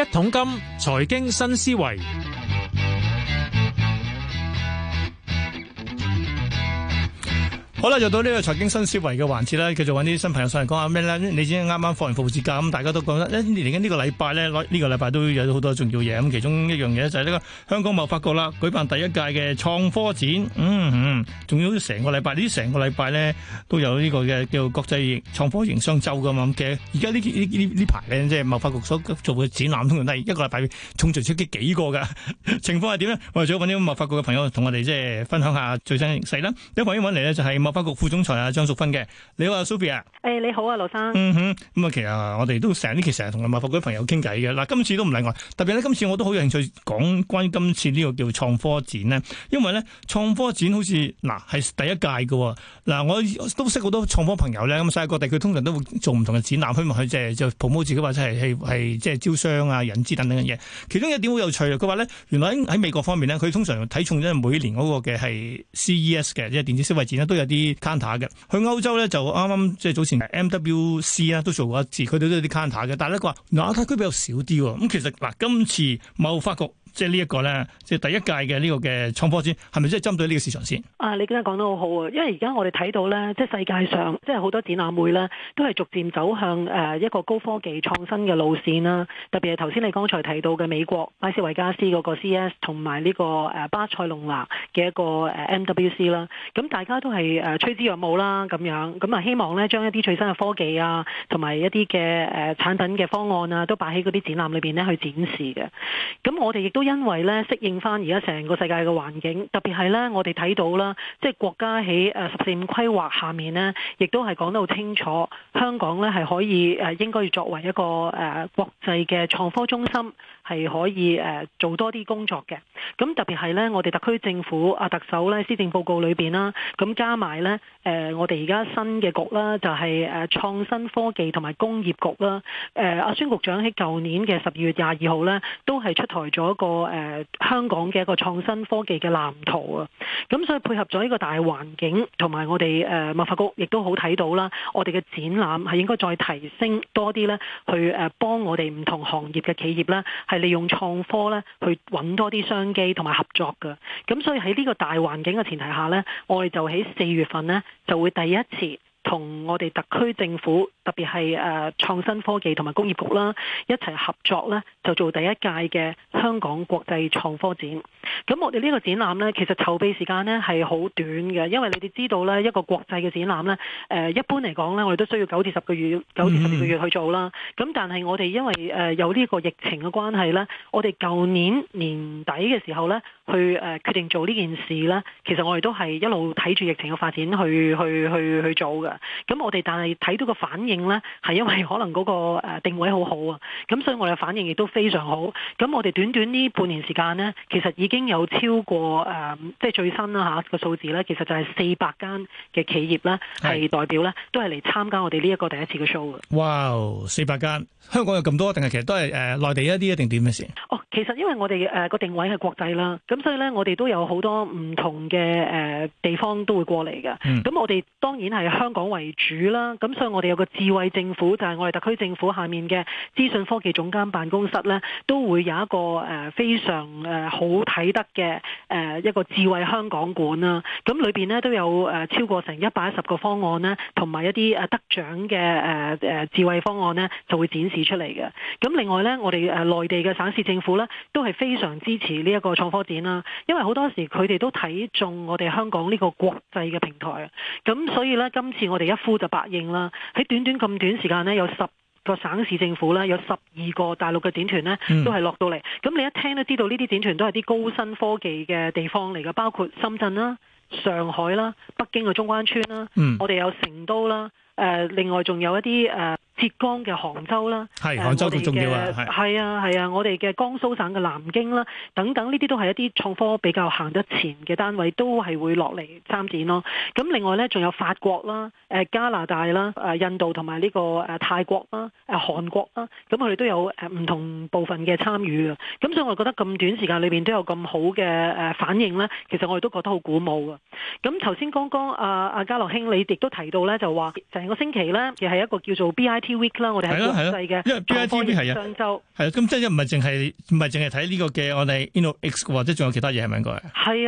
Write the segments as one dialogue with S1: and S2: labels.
S1: 一桶金，財經新思維。好啦，又到呢個財經新思維嘅環節啦，繼續揾啲新朋友上嚟講下咩咧？你知啱啱放完復活節咁，大家都覺得咧，嚟緊呢個禮拜咧，呢個禮拜都有好多重要嘢。咁其中一樣嘢就係呢個香港貿發局啦，舉辦第一屆嘅創科展。嗯，仲有成個禮拜，呢啲成個禮拜咧都有呢個嘅叫國際創科營商周噶嘛。嘅而家呢，呢呢呢排咧，即係貿發局所做嘅展覽，通常都係一個禮拜，重錘出擊幾個噶。情況係點咧？我哋想揾啲貿發局嘅朋友同我哋即係分享下最新形勢啦。第一位揾嚟咧就係貿發局副總裁啊，張淑芬嘅，你好 Sophia 啊，誒你好啊，
S2: 劉
S1: 生，嗯哼，咁啊，其實我哋都成呢期成日同埋貿發局朋友傾偈嘅，嗱今次都唔例外，特別咧今次我都好有興趣講關於今次呢個叫創科展咧，因為咧創科展好似嗱係第一屆嘅，嗱我都識好多創科朋友咧，咁世界各地佢通常都會做唔同嘅展覽，希望佢即係就 promote 自己或者係係係即係招商啊、引資等等嘅嘢。其中一點好有趣嘅，佢話咧原來喺美國方面咧，佢通常睇重咗每年嗰個嘅係 CES 嘅，即係電子消費展咧都有啲。啲 counter 嘅，去歐洲咧就啱啱即係早前係 MWC 咧、啊、都做過一次，佢哋都有啲 counter 嘅，但係咧佢話亞太區比較少啲喎，咁、嗯、其實嗱，今次貿發局。即係呢一個呢，即係第一屆嘅呢個嘅創科展，係咪即係針對呢個市場先？
S2: 啊，你講得好好啊！因為而家我哋睇到呢，即係世界上即係好多展覽會呢，都係逐漸走向誒一個高科技創新嘅路線啦。特別係頭先你剛才提到嘅美國拉斯維加斯嗰個 CS，同埋呢個誒巴塞隆拿嘅一個誒 MWC 啦。咁大家都係誒趨之若鶩啦，咁樣咁啊，希望呢將一啲最新嘅科技啊，同埋一啲嘅誒產品嘅方案啊，都擺喺嗰啲展覽裏邊呢去展示嘅。咁我哋亦都因為咧適應翻而家成個世界嘅環境，特別係咧我哋睇到啦，即係國家喺誒十四五規劃下面呢，亦都係講得好清楚，香港咧係可以誒應該要作為一個誒、呃、國際嘅創科中心，係可以誒、呃、做多啲工作嘅。咁特別係咧，我哋特區政府阿特首咧施政報告裏邊啦，咁加埋咧誒我哋而家新嘅局啦，就係、是、誒創新科技同埋工業局啦。誒、呃、阿孫局長喺舊年嘅十二月廿二號咧，都係出台咗一個，個誒香港嘅一個創新科技嘅藍圖啊，咁所以配合咗呢個大環境，同埋我哋誒貿發局亦都好睇到啦，我哋嘅展覽係應該再提升多啲咧，去誒幫我哋唔同行業嘅企業咧，係利用創科咧去揾多啲商機同埋合作嘅。咁所以喺呢個大環境嘅前提下咧，我哋就喺四月份咧就會第一次同我哋特區政府。特別係誒創新科技同埋工業局啦，一齊合作咧，就做第一屆嘅香港國際創科展。咁我哋呢個展覽咧，其實籌備時間咧係好短嘅，因為你哋知道咧，一個國際嘅展覽咧，誒、呃、一般嚟講咧，我哋都需要九至十個月，九至十二個月去做啦。咁但係我哋因為誒、呃、有呢個疫情嘅關係咧，我哋舊年年底嘅時候咧，去誒、呃、決定做呢件事咧，其實我哋都係一路睇住疫情嘅發展去去去去做嘅。咁我哋但係睇到個反應。咧係因為可能嗰個誒定位好好啊，咁所以我哋嘅反應亦都非常好。咁我哋短短呢半年時間呢，其實已經有超過誒、嗯、即係最新啦吓個數字咧，其實就係四百間嘅企業啦，係代表咧都係嚟參加我哋呢一個第一次嘅 show 嘅。
S1: 哇！四百間，香港有咁多定係其實都係誒內地一啲，一定點嘅事？
S2: 哦，其實因為我哋誒個定位係國際啦，咁所以咧我哋都有好多唔同嘅誒、呃、地方都會過嚟嘅。咁、嗯、我哋當然係香港為主啦，咁所以我哋有個。智慧政府就係我哋特區政府下面嘅資訊科技總監辦公室咧，都會有一個誒非常誒好睇得嘅誒一個智慧香港館啦。咁裏邊咧都有誒超過成一百一十個方案咧，同埋一啲誒得獎嘅誒誒智慧方案咧就會展示出嚟嘅。咁另外咧，我哋誒內地嘅省市政府咧都係非常支持呢一個創科展啦，因為好多時佢哋都睇中我哋香港呢個國際嘅平台啊。咁所以咧，今次我哋一呼就百應啦，喺短短。咁短時間呢，有十個省市政府啦，有十二個大陸嘅展團呢，都係落到嚟。咁你一聽都知道，呢啲展團都係啲高新科技嘅地方嚟嘅，包括深圳啦、上海啦、北京嘅中關村啦，嗯、我哋有成都啦，誒、呃，另外仲有一啲誒。呃浙江嘅杭州啦，係
S1: 杭州咁重要啊，係
S2: 啊係啊，我哋嘅、啊啊、江蘇省嘅南京啦，等等呢啲都係一啲創科比較行得前嘅單位，都係會落嚟參展咯。咁、啊、另外呢，仲有法國啦、誒、啊、加拿大啦、誒、啊、印度同埋呢個誒、啊、泰國啦、誒、啊、韓國啦，咁佢哋都有誒唔同部分嘅參與嘅。咁、啊、所以我覺得咁短時間裏面都有咁好嘅誒反應咧，其實我哋都覺得好鼓舞嘅。咁頭先剛剛阿阿嘉樂兄你亦都提到呢，就話成個星期呢，其實係一個叫做 BIT Week 啦，我哋係好嘅，因為 BIT
S1: 係啊，上週係啊，咁即係唔係淨係唔係淨係睇呢個嘅我哋 InnoEX 或者仲有其他嘢係咪應該，
S2: 係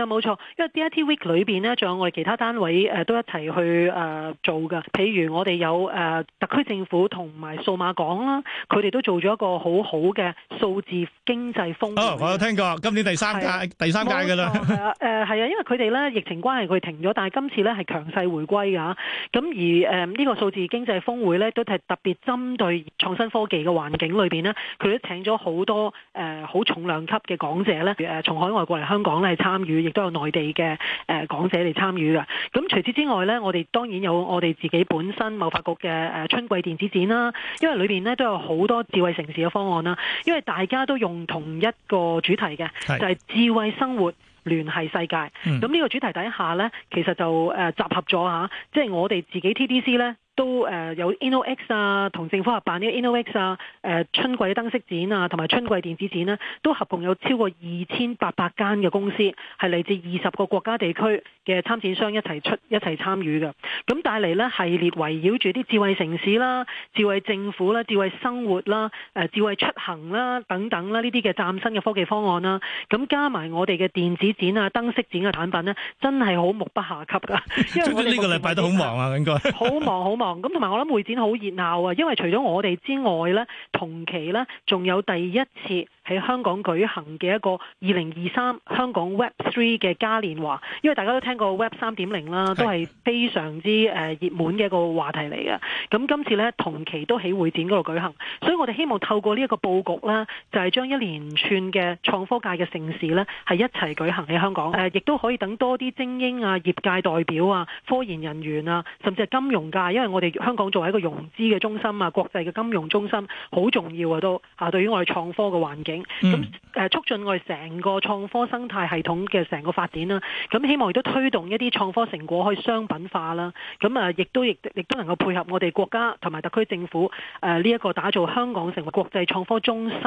S2: 啊，冇錯，因為 BIT Week 裏邊咧，仲有我哋其他單位誒、呃、都一齊去誒、呃、做噶，譬如我哋有誒、呃、特區政府同埋數碼港啦，佢哋都做咗一個好好嘅數字經濟峯會。好、哦，我有
S1: 聽過今年第三屆、啊、第三屆嘅啦，
S2: 誒係啊、呃、啊，因為佢哋咧疫情關係佢停咗，但係今次咧係強勢回歸嘅，咁而誒呢、呃這個數字經濟峯會咧都係特。別針對創新科技嘅環境裏邊呢，佢都請咗好多誒好、呃、重量級嘅講者呢，誒從海外過嚟香港咧係參與，亦都有內地嘅誒、呃、講者嚟參與嘅。咁除此之外呢，我哋當然有我哋自己本身貿發局嘅誒、呃、春季電子展啦，因為裏邊呢都有好多智慧城市嘅方案啦。因為大家都用同一個主題嘅，是就係智慧生活聯繫世界。咁呢、嗯、個主題底下呢，其實就誒、呃、集合咗嚇，即、啊、係、就是、我哋自己 TDC 呢。都誒有 InnoEX、no、啊，同政府合辦呢個 InnoEX 啊，誒、no、春季燈飾展啊，同埋春季電子展呢，都合共有超過二千八百間嘅公司係嚟自二十個國家地區嘅參展商一齊出一齊參與嘅。咁帶嚟呢系列圍繞住啲智慧城市啦、智慧政府啦、智慧生活啦、誒智慧出行啦等等啦，呢啲嘅嶄新嘅科技方案啦，咁加埋我哋嘅電子展啊、燈飾展嘅產品呢，真係好目不暇給㗎。
S1: 咁呢 個禮拜都好忙啊，應該
S2: 好忙好。 咁同埋我諗會展好熱鬧啊，因為除咗我哋之外咧，同期咧仲有第一次喺香港舉行嘅一個二零二三香港 Web Three 嘅嘉年華，因為大家都聽過 Web 三點零啦，都係非常之誒熱門嘅一個話題嚟嘅。咁的今次咧同期都喺會展嗰度舉行，所以我哋希望透過呢一個布局啦，就係、是、將一連串嘅創科界嘅盛事咧係一齊舉行喺香港。誒，亦都可以等多啲精英啊、業界代表啊、科研人員啊，甚至係金融界，因為我哋香港作為一個融資嘅中心啊，國際嘅金融中心好重要啊，都、啊、嚇對於我哋創科嘅環境，咁誒、啊、促進我哋成個創科生態系統嘅成個發展啦、啊。咁、啊、希望亦都推動一啲創科成果去商品化啦。咁啊，亦、啊啊、都亦亦都能夠配合我哋國家同埋特區政府誒呢一個打造香港成為國際創科中心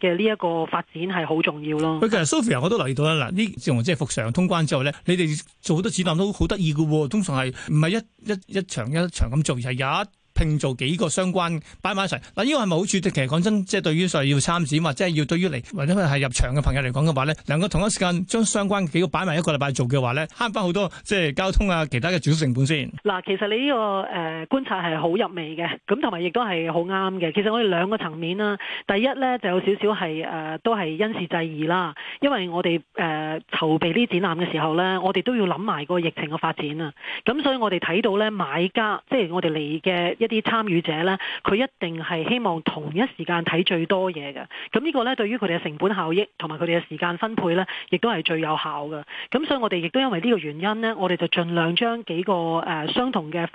S2: 嘅呢一個發展係好重要咯、
S1: 啊。其實 Sophia，我都留意到啦，嗱呢，即係復常通關之後咧，你哋做好多指南都好得意嘅喎，通常係唔係一？一一場一場咁做，而係一。一拼做幾個相關擺埋一齊，嗱，呢個係咪好處？其實講真，即係對於實在要參展或者係要對於嚟或者係入場嘅朋友嚟講嘅話呢，能夠同一時間將相關幾個擺埋一個禮拜做嘅話呢，慳翻好多即係交通啊，其他嘅住宿成本先。
S2: 嗱，其實你呢個誒觀察係好入微嘅，咁同埋亦都係好啱嘅。其實我哋兩個層面啦，第一呢就有少少係誒都係因事制宜啦，因為我哋誒籌備呢啲展覽嘅時候呢，我哋都要諗埋個疫情嘅發展啊。咁所以我哋睇到呢買家，即係我哋嚟嘅一。啲參與者呢，佢一定係希望同一時間睇最多嘢嘅。咁呢個呢，對於佢哋嘅成本效益同埋佢哋嘅時間分配呢，亦都係最有效嘅。咁所以，我哋亦都因為呢個原因呢，我哋就盡量將幾個誒相同嘅誒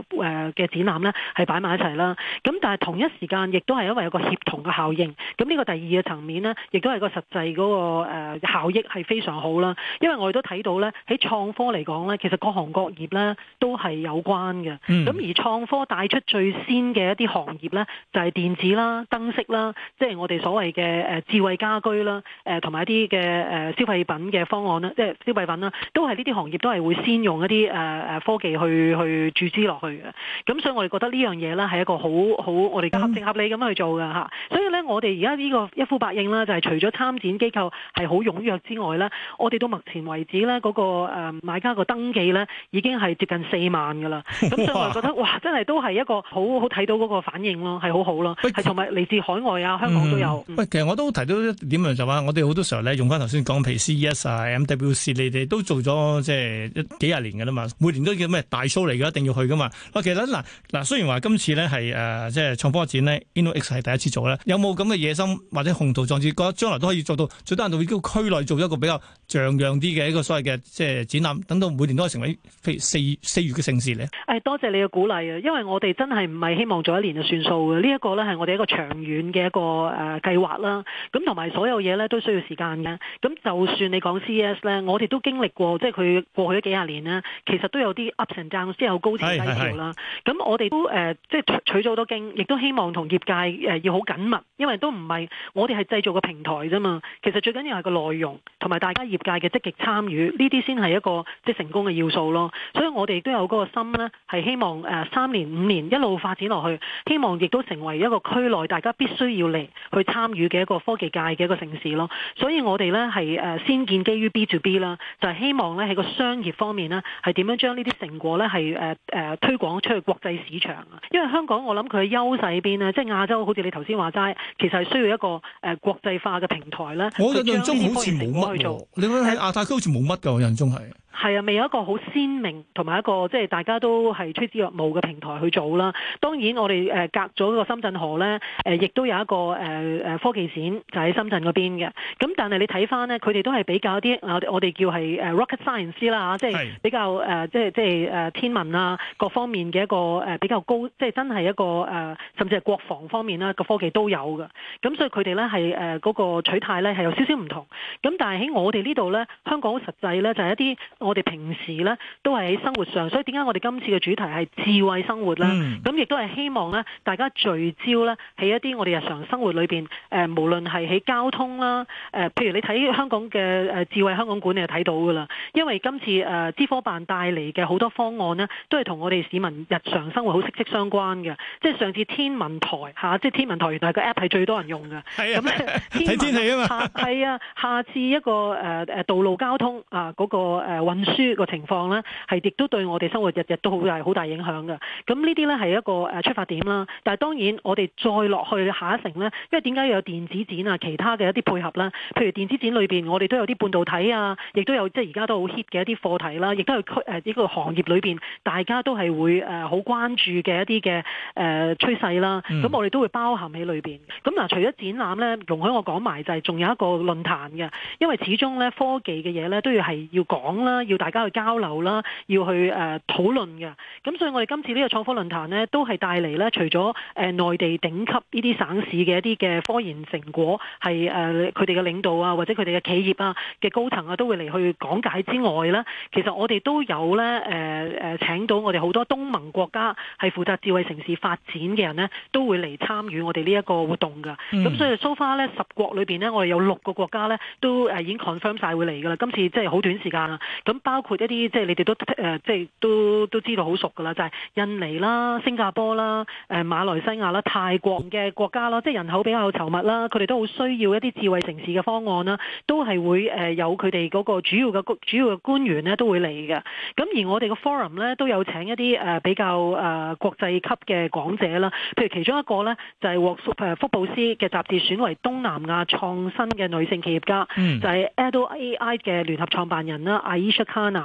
S2: 嘅展覽呢，係擺埋一齊啦。咁但係同一時間亦都係因為有個協同嘅效應。咁呢個第二嘅層面呢，亦都係個實際嗰個誒效益係非常好啦。因為我哋都睇到呢，喺創科嚟講呢，其實各行各業呢，都係有關嘅。咁而創科帶出最先嘅一啲行業呢，就係電子啦、燈飾啦，即係我哋所謂嘅誒智慧家居啦，誒同埋一啲嘅誒消費品嘅方案啦，即係消費品啦，都係呢啲行業都係會先用一啲誒誒科技去去注資落去嘅。咁所以我哋覺得呢樣嘢呢，係一個好好，我哋合情合理咁樣去做嘅吓。所以呢，我哋而家呢個一呼百應啦，就係除咗參展機構係好踴躍之外呢，我哋到目前為止呢，嗰個買家個登記呢，已經係接近四萬嘅啦。咁所以我覺得 哇，真係都係一個好。好好睇到嗰個反應咯，係好好咯，係同埋嚟自海外啊，香港都有。
S1: 喂、嗯，嗯、其實我都提到一點樣就話，我哋好多時候咧用翻頭先講譬如 CES 啊、MWC、你哋都做咗即係幾廿年嘅啦嘛，每年都叫咩大 show 嚟嘅，一定要去嘅嘛。其實嗱嗱，雖然話今次咧係即係創科展呢 InnoX 係第一次做啦，有冇咁嘅野心或者雄圖壯志，覺得將來都可以做到，最多人都會叫區內做一個比較像樣啲嘅一個所謂嘅即係展覽，等到每年都係成為譬如四四月嘅盛事咧？
S2: 誒、哎，多謝你嘅鼓勵啊，因為我哋真係。唔係希望做一年就算數嘅，呢、這、一個呢係我哋一個長遠嘅一個誒計劃啦。咁同埋所有嘢呢都需要時間嘅。咁就算你講 CS 呢，我哋都經歷過，即係佢過去咗幾廿年呢，其實都有啲 up and down，即係有高潮低潮啦。咁是我哋都誒，即、呃、係取咗好多經，亦都希望同業界要好緊密，因為都唔係我哋係製造個平台啫嘛。其實最緊要係個內容同埋大家業界嘅積極參與，呢啲先係一個即係、就是、成功嘅要素咯。所以我哋都有嗰個心咧，係希望誒三年五年一路。發展落去，希望亦都成為一個區內大家必須要嚟去參與嘅一個科技界嘅一個城市咯。所以我哋咧係誒先建基於 B2B 啦，就係希望咧喺個商業方面咧，係點樣將呢啲成果咧係誒誒推廣出去國際市場。因為香港我諗佢嘅優勢喺邊咧，即係亞洲好似你頭先話齋，其實係需要一個誒國際化嘅平台咧。我印的象中好似冇乜
S1: 喎，做你睇喺亞太區好似冇乜嘅，我印象中係。
S2: 係啊，未有一個好鮮明同埋一個即係大家都係趨之若鶩嘅平台去做啦。當然我哋誒隔咗個深圳河咧，亦都有一個誒、呃、科技展就喺、是、深圳嗰邊嘅。咁但係你睇翻咧，佢哋都係比較啲我我哋叫係 rocket science 啦吓，即係比較誒、呃、即係即係誒天文啊各方面嘅一個誒比較高，即係真係一個誒、呃、甚至係國防方面啦個科技都有嘅。咁所以佢哋咧係誒嗰個取態咧係有少少唔同。咁但係喺我哋呢度咧，香港實際咧就係、是、一啲。我哋平時咧都係喺生活上，所以點解我哋今次嘅主題係智慧生活呢？咁、嗯、亦都係希望咧，大家聚焦咧喺一啲我哋日常生活裏邊，誒無論係喺交通啦，誒、呃、譬如你睇香港嘅誒智慧香港管理就睇到噶啦，因為今次誒資、呃、科辦帶嚟嘅好多方案呢，都係同我哋市民日常生活好息息相關嘅。即係上次天文台嚇、啊，即係天文台原來個 app 係最多人用嘅，係啊，嗯、
S1: 睇天氣啊
S2: 嘛，係啊，下次一個誒誒、呃、道路交通啊嗰、呃那個、呃運輸個情況呢，係亦都對我哋生活日日都係好大影響嘅。咁呢啲呢，係一個出發點啦。但係當然我哋再落去下一層呢，因為點解要有電子展啊？其他嘅一啲配合啦，譬如電子展裏面，我哋都有啲半導體啊，亦都有即係而家都好 hit 嘅一啲課題啦，亦都有呢個行業裏面，大家都係會好關注嘅一啲嘅誒趨勢啦。咁、嗯、我哋都會包含喺裏面。咁嗱、啊，除咗展覽呢，容許我講埋就係仲有一個論壇嘅，因為始終呢，科技嘅嘢呢，都要係要講啦。要大家去交流啦，要去誒、呃、討論嘅。咁所以我哋今次呢個創科論壇呢，都係帶嚟呢除咗誒、呃、內地頂級呢啲省市嘅一啲嘅科研成果，係誒佢哋嘅領導啊，或者佢哋嘅企業啊嘅高層啊，都會嚟去講解之外呢，其實我哋都有呢，誒、呃、誒、呃、請到我哋好多東盟國家係負責智慧城市發展嘅人呢，都會嚟參與我哋呢一個活動㗎。咁、嗯、所以 s 花呢，十國裏邊呢，我哋有六個國家呢，都誒已經 confirm 晒會嚟㗎啦。今次即係好短時間啦。咁包括一啲即係你哋都、呃、即係都都知道好熟噶啦，就係、是、印尼啦、新加坡啦、呃、馬來西亞啦、泰國嘅國家啦，即係人口比較有稠密啦，佢哋都好需要一啲智慧城市嘅方案啦，都係會誒有佢哋嗰個主要嘅主要嘅官員咧都會嚟嘅。咁而我哋個 forum 咧都有請一啲誒比較誒國際級嘅講者啦，譬如其中一個咧就係、是、獲福布斯嘅雜誌選為東南亞創新嘅女性企業家，嗯、就係 Ado AI 嘅聯合創辦人啦、啊，出咁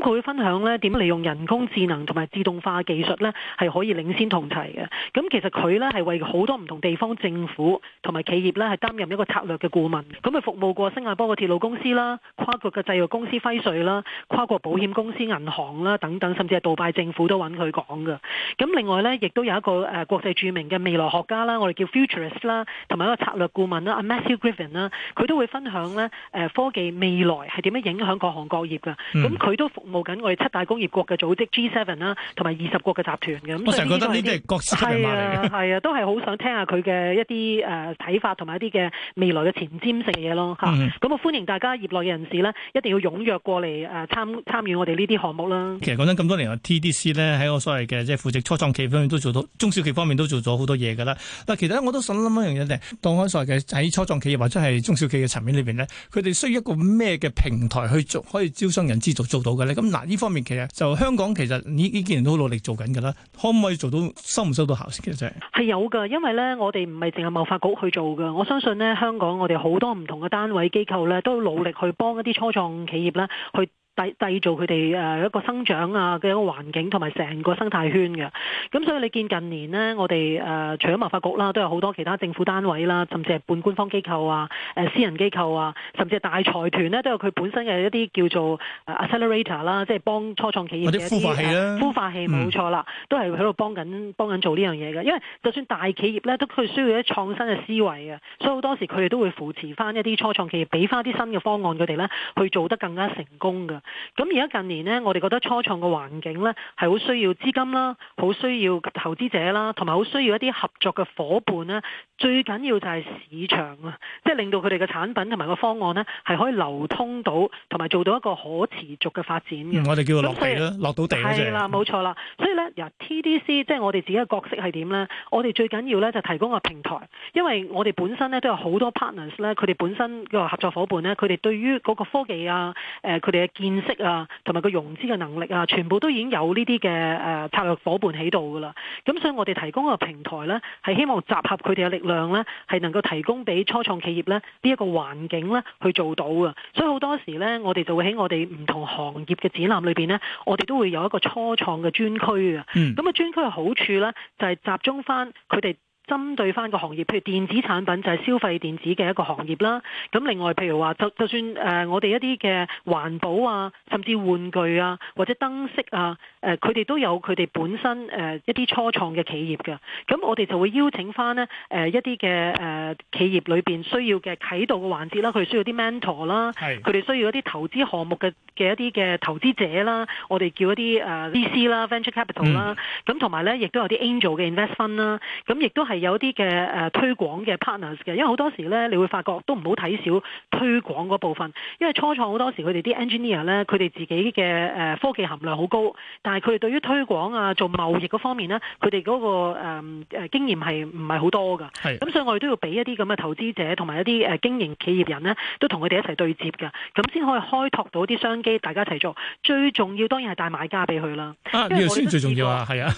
S2: 佢會分享呢點利用人工智能同埋自動化技術呢係可以領先同齊嘅。咁其實佢呢係為好多唔同地方政府同埋企業呢係擔任一個策略嘅顧問。咁佢服務過新加坡嘅鐵路公司啦、跨國嘅製藥公司輝瑞啦、跨國保險公司銀行啦等等，甚至係杜拜政府都揾佢講噶。咁另外呢，亦都有一個誒國際著名嘅未來學家啦，我哋叫 Futurist 啦，同埋一個策略顧問啦，Matthew Griffin 啦，佢都會分享呢誒科技未來係點樣影響各行各業噶。咁佢、嗯、都服務緊我哋七大工業國嘅組織 G7 啦，同埋二十國嘅集團嘅。我成日覺得呢啲係國際文化嚟嘅。係啊，都係好想聽下佢嘅一啲誒睇法，同埋一啲嘅未來嘅前瞻性嘅嘢咯嚇。咁、嗯、我歡迎大家業內嘅人士呢，一定要踴躍過嚟誒參參與我哋呢啲項目啦。其實講
S1: 真咁多年，TDC 呢，喺我所謂嘅即係扶植初創企業方面都做到中小企方面都做咗好多嘢㗎啦。但其實咧我都想諗一樣嘢就係，當我所謂嘅喺初創企業或者係中小企嘅層面裏邊呢，佢哋需要一個咩嘅平台去做，可以招商？人資做做到嘅咧，咁嗱呢方面其實就香港其實呢呢啲人都好努力做緊噶啦，可唔可以做到收唔收到效先嘅啫？
S2: 係有噶，因為咧我哋唔係淨係貿發局去做噶，我相信咧香港我哋好多唔同嘅單位機構咧都努力去幫一啲初創企業咧去。製造佢哋一個生長啊嘅一個環境，同埋成個生態圈嘅。咁所以你見近年呢，我哋誒除咗貿發局啦，都有好多其他政府單位啦，甚至係半官方機構啊、私人機構啊，甚至係大財團咧，都有佢本身嘅一啲叫做 accelerator 啦，即係幫初創企業。啲孵化器啊、嗯、孵化器冇錯啦，都係喺度幫緊幫緊做呢樣嘢嘅。因為就算大企業咧，都佢需要一啲創新嘅思維嘅，所以好多時佢哋都會扶持翻一啲初創企業，俾翻啲新嘅方案佢哋咧去做得更加成功㗎。咁而家近年呢，我哋覺得初創嘅環境呢，係好需要資金啦，好需要投資者啦，同埋好需要一啲合作嘅伙伴啦。最緊要就係市場啊，即係令到佢哋嘅產品同埋個方案呢，係可以流通到，同埋做到一個可持續嘅發展、嗯、我哋叫落地啦，落到地咯、就係，係啦，冇錯啦。所以呢，由 TDC 即係我哋自己嘅角色係點呢？我哋最緊要呢，就提供個平台，因為我哋本身呢，都有好多 partners 呢，佢哋本身嘅合作伙伴呢，佢哋對於嗰個科技啊，佢哋嘅建識啊，同埋個融資嘅能力啊，全部都已經有呢啲嘅誒策略伙伴喺度噶啦。咁所以我哋提供個平台呢，係希望集合佢哋嘅力量呢，係能夠提供俾初創企業呢，呢一個環境呢，去做到嘅。所以好多時呢，我哋就會喺我哋唔同行業嘅展覽裏邊呢，我哋都會有一個初創嘅專區嘅。咁啊，專區嘅好處呢，就係集中翻佢哋。針對翻個行業，譬如電子產品就係消費電子嘅一個行業啦。咁另外譬如話，就就算誒我哋一啲嘅環保啊，甚至玩具啊，或者燈飾啊，誒佢哋都有佢哋本身誒一啲初創嘅企業嘅。咁我哋就會邀請翻呢誒一啲嘅誒企業裏面需要嘅啟動嘅環節啦，佢哋需要啲 mentor 啦，佢哋需要一啲是投資項目嘅嘅一啲嘅投資者啦，我哋叫一啲誒 VC 啦、venture capital 啦，咁同埋咧亦都有啲 angel 嘅 investment 啦，咁亦都係有啲嘅誒推廣嘅 partners 嘅，因為好多時咧，你會發覺都唔好睇少推廣嗰部分。因為初創好多時佢哋啲 engineer 咧，佢哋、er, 自己嘅誒科技含量好高，但係佢哋對於推廣啊、做貿易嗰方面咧，佢哋嗰個誒誒、嗯、經驗係唔係好多噶，咁的所以我哋都要俾一啲咁嘅投資者同埋一啲誒經營企業人咧，都同佢哋一齊對接嘅，咁先可以開拓到啲商機，大家一齊做。最重要當然係帶買家俾佢啦。啊，呢樣先最
S1: 重要啊，
S2: 係啊，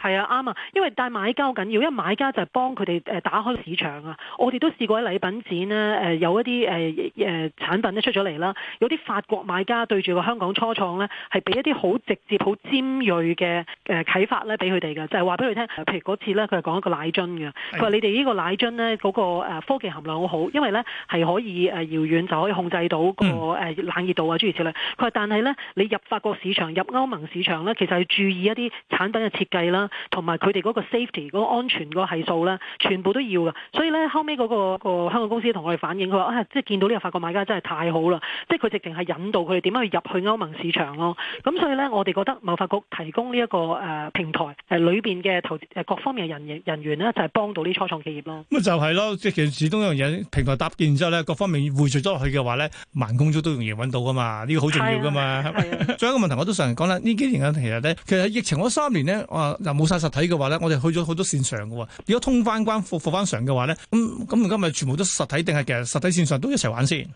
S2: 係 啊，啱啊，因為帶買家好緊要，因為買家就幫佢哋誒打開市場啊！我哋都試過喺禮品展呢，誒，有一啲誒誒產品咧出咗嚟啦，有啲法國買家對住個香港初創咧，係俾一啲好直接、好尖銳嘅誒啟發咧，俾佢哋嘅就係話俾佢聽。譬如嗰次咧，佢係講一個奶樽嘅，佢話你哋呢個奶樽咧嗰個、呃、科技含量好好，因為咧係可以誒遙遠就可以控制到、個誒、呃、冷熱度啊諸如此類。佢話但係咧，你入法國市場、入歐盟市場咧，其實係注意一啲產品嘅設計啦，同埋佢哋嗰個 safety 嗰個安全個係數。全部都要噶，所以呢、那個，後尾嗰個個香港公司同我哋反映，佢話啊，即、哎、係見到呢個法國買家真係太好啦，即係佢直情係引導佢哋點樣去入去歐盟市場咯。咁所以呢，我哋覺得貿發局提供呢、這、一個誒、呃、平台誒裏邊嘅投各方面嘅人人員咧，就係幫到啲初創企業咯。
S1: 咁就係咯，即係其實始終一樣嘢，平台搭建之後呢，各方面匯聚咗落去嘅話呢，慢工足都容易揾到噶嘛，呢、這個好重要噶嘛。係啊。仲、啊、 有一個問題我，我都常講啦，呢幾年其實呢，其實疫情嗰三年呢，啊又冇晒實體嘅話呢，我哋去咗好多線上噶，如通翻關，復復翻常嘅話咧，咁咁而家咪全部都實體定係其實實體線上都一齊玩先？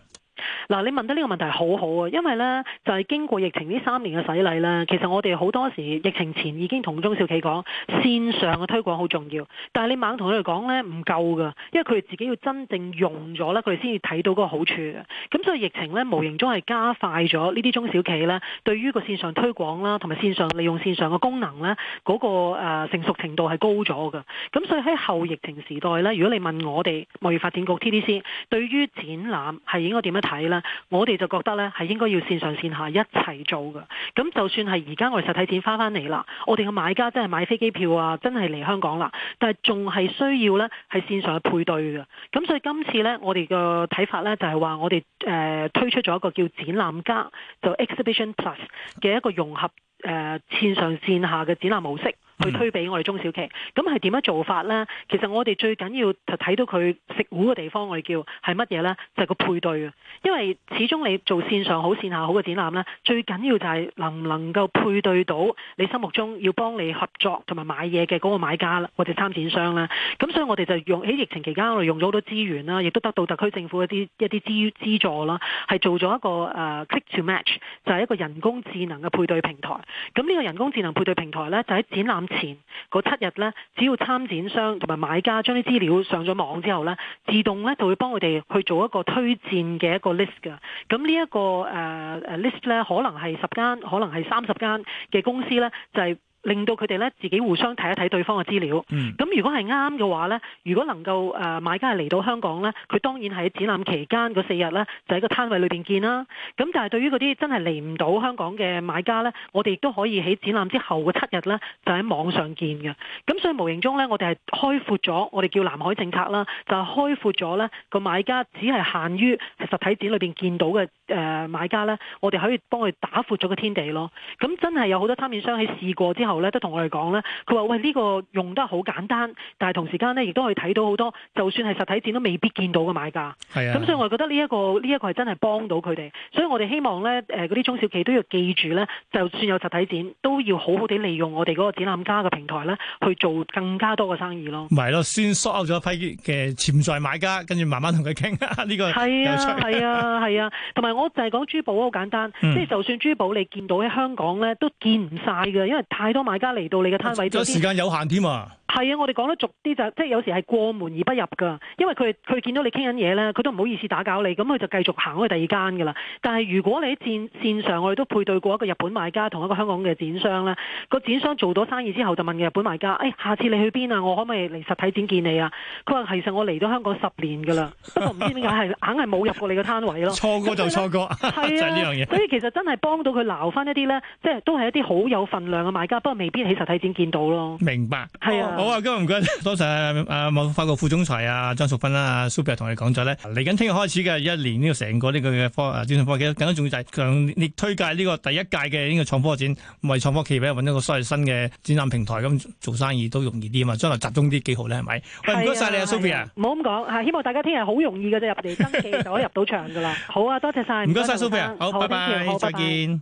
S1: 嗱，你問得呢
S2: 個問題好好啊，因為呢就係、是、經過疫情呢三年嘅洗禮啦。其實我哋好多時疫情前已經同中小企講，線上嘅推廣好重要，但係你猛同佢哋講呢唔夠噶，因為佢哋自己要真正用咗呢佢哋先至睇到嗰個好處嘅。咁所以疫情呢，無形中係加快咗呢啲中小企呢對於個線上推廣啦，同埋線上利用線上嘅功能呢嗰、那個誒、呃、成熟程度係高咗噶。咁所以喺後疫情時代呢，如果你問我哋貿易發展局 TDC 對於展覽係應該點樣睇？睇啦，我哋就覺得咧係應該要線上線下一齊做㗎。咁就算係而家我哋實體展翻返嚟啦，我哋嘅買家真係買飛機票啊，真係嚟香港啦，但係仲係需要咧係線上去配對嘅。咁所以今次咧，我哋嘅睇法咧就係話我哋誒推出咗一個叫展覽加就 Exhibition Plus 嘅一個融合誒線上線下嘅展覽模式。去推俾我哋中小企，咁係點樣做法呢？其實我哋最緊要就睇到佢食糊嘅地方，我哋叫係乜嘢呢？就係個配對嘅，因為始終你做線上好、線下好嘅展覽呢，最緊要就係能唔能夠配對到你心目中要幫你合作同埋買嘢嘅嗰個買家或者參展商啦。咁所以我哋就用喺疫情期間，我哋用咗好多資源啦，亦都得到特區政府一啲一啲資資助啦，係做咗一個 click to match，就係一個人工智能嘅配對平台。咁呢個人工智能配對平台呢，就喺展覽。前嗰七日呢，只要參展商同埋買家將啲資料上咗網之後呢，自動呢就會幫我哋去做一個推薦嘅一個 list 噶。咁呢一個誒誒、uh, list 呢，可能係十間，可能係三十間嘅公司呢，就係、是。令到佢哋咧自己互相睇一睇對方嘅資料。咁、嗯、如果係啱嘅話呢，如果能夠誒買家係嚟到香港呢佢當然喺展覽期間嗰四日呢，就喺個攤位裏面見啦。咁但係對於嗰啲真係嚟唔到香港嘅買家呢，我哋亦都可以喺展覽之後嗰七日呢，就喺網上見嘅。咁所以無形中呢，我哋係開闊咗，我哋叫南海政策啦，就係開闊咗呢個買家只係限於實體展裏面見到嘅。誒、呃、買家咧，我哋可以幫佢打闊咗個天地咯。咁真係有好多參展商喺試過之後咧，都同我哋講咧，佢話：喂，呢、這個用得好簡單，但係同時間咧亦都可以睇到好多，就算係實體展都未必見到嘅買家。是啊。咁所以我覺得呢、這、一個呢一、這個係真係幫到佢哋。所以我哋希望咧，嗰、呃、啲中小企都要記住咧，就算有實體展，都要好好地利用我哋嗰個展覽家嘅平台咧，去做更加多嘅生意咯。
S1: 係咯、啊，先鎖咗一批嘅潛在買家，跟住慢慢同佢傾呢個。係啊，係
S2: 啊，係啊，同埋。我就係講珠寶好簡單，即係、嗯、就算珠寶你見到喺香港咧，都見唔晒噶，因為太多買家嚟到你嘅攤位都有。有時間有限添啊。係啊，我哋講得俗啲就即、係、係有時係過門而不入噶，因為佢佢見到你傾緊嘢咧，佢都唔好意思打攪你，咁佢就繼續行去第二間噶啦。但係如果你喺線上，我哋都配對過一個日本買家同一個香港嘅展商咧，個展商做咗生意之後就問日本買家，誒、哎、下次你去邊啊？我可唔可以嚟實體展見你啊？佢話其實我嚟到香港十年噶啦，不過唔知點解係硬係冇入過你嘅攤
S1: 位咯。錯過就錯。係嘢、 啊。所以
S2: 其實真係幫到佢攬翻一啲咧，即係都係一啲好有份量嘅買家，不過未必喺實體展見到咯。
S1: 明白，係啊，好啊，今日唔該，多謝啊啊貿發局副總裁啊張淑芬啊啊 Sophia 啊，同你講咗咧，嚟緊聽日開始嘅一年呢個成個呢個科啊專項科技，更加重要就係強烈推介呢個第一屆嘅呢個創科展，為創科企業揾一個所謂新嘅展覽平台，咁做生意都容易啲啊嘛，將來集中啲幾好咧，係咪？喂，唔該晒你啊，Sophia 啊，唔
S2: 好咁講，希望大家聽日好容易嘅啫，入嚟登記就可以入到場噶啦。 好啊，多謝晒。唔該晒蘇菲啊，好，好拜拜，再見。